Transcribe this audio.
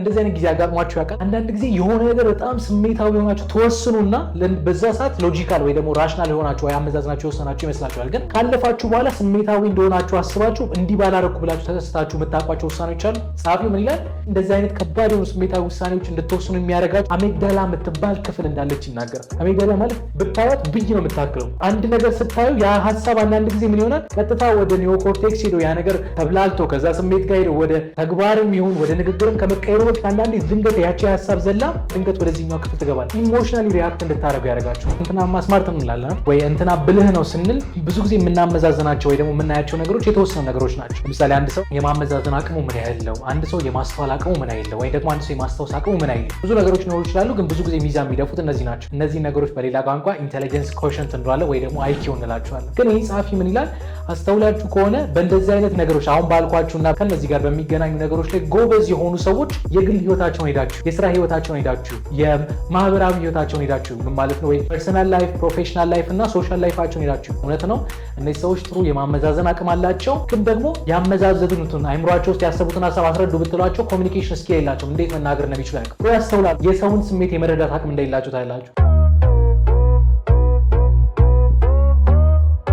እንደዚህ አይነት ጊዜ አጋጥሟቸው ያውቃል? አንዳንድ ጊዜ የሆነ ነገር በጣም ስሜታዊ የሆናቸው ተወስኑና በዛ ሰዓት ሎጂካል ወይ ደግሞ ራሽናል የሆናቸው ወይ አመዛዝናቸው የወሰናቸው ይመስላቸዋል። ግን ካለፋችሁ በኋላ ስሜታዊ እንደሆናቸው አስባችሁ እንዲህ ባላረኩ ብላችሁ ተከስታችሁ የምታውቋቸው ውሳኔዎች አሉ። ጸሐፊው ምን ይላል? እንደዚህ አይነት ከባድ የሆኑ ስሜታዊ ውሳኔዎች እንድትወስኑ የሚያደርጋችሁ አሜግዳላ የምትባል ክፍል እንዳለች ይናገራል። አሜግዳላ ማለት ብታዩት ብይ ነው የምታክለው። አንድ ነገር ስታዩ ያ ሀሳብ አንዳንድ ጊዜ ምን ይሆናል ቀጥታ ወደ ኒዮኮርቴክስ ሄዶ ያ ነገር ተብላልቶ ከዛ ስሜት ጋር ሄዶ ወደ ተግባርም ይሁን ወደ ንግግርም ከመቀየሩ ሰዎች አንዳንዴ ድንገት ያቺ ሀሳብ ዘላ ድንገት ወደዚህኛው ክፍል ትገባል። ኢሞሽናሊ ሪያክት እንድታደረጉ ያደርጋቸው እንትና ማስማርት እንላለን ወይ እንትና ብልህ ነው ስንል ብዙ ጊዜ የምናመዛዘናቸው ወይ ደግሞ የምናያቸው ነገሮች የተወሰኑ ነገሮች ናቸው። ለምሳሌ አንድ ሰው የማመዛዘን አቅሙ ምን ያህል ነው፣ አንድ ሰው የማስተዋል አቅሙ ምን ያህል ነው፣ ወይ ደግሞ አንድ ሰው የማስታወስ አቅሙ ምን ያህል ነው። ብዙ ነገሮች ሊኖሩ ይችላሉ፣ ግን ብዙ ጊዜ ሚዛን የሚደፉት እነዚህ ናቸው። እነዚህ ነገሮች በሌላ ቋንቋ ኢንቴሊጀንስ ኮሽንት እንለዋለን ወይ ደግሞ አይኪው እንላቸዋለን። ግን ይህ ጸሐፊ ምን ይላል? አስተውላችሁ ከሆነ በእንደዚህ አይነት ነገሮች አሁን ባልኳችሁና ከነዚህ ጋር በሚገናኙ ነገሮች ላይ ጎበዝ የሆኑ ሰዎች የግል ህይወታቸውን ሄዳችሁ የስራ ህይወታቸውን ሄዳችሁ የማህበራዊ ህይወታቸውን ሄዳችሁ ምን ማለት ነው? ወይ ፐርሰናል ላይፍ፣ ፕሮፌሽናል ላይፍ እና ሶሻል ላይፋቸውን ሄዳችሁ እውነት ነው። እነዚህ ሰዎች ጥሩ የማመዛዘን አቅም አላቸው፣ ግን ደግሞ ያመዛዘኑትን አይምሯቸው ውስጥ ያሰቡትን ሀሳብ አስረዱ ብትሏቸው ኮሚኒኬሽን ስኪል የላቸው። እንዴት መናገር ነው የሚችሉ ያስተውላሉ። የሰውን ስሜት የመረዳት አቅም እንደሌላቸው ታያላችሁ።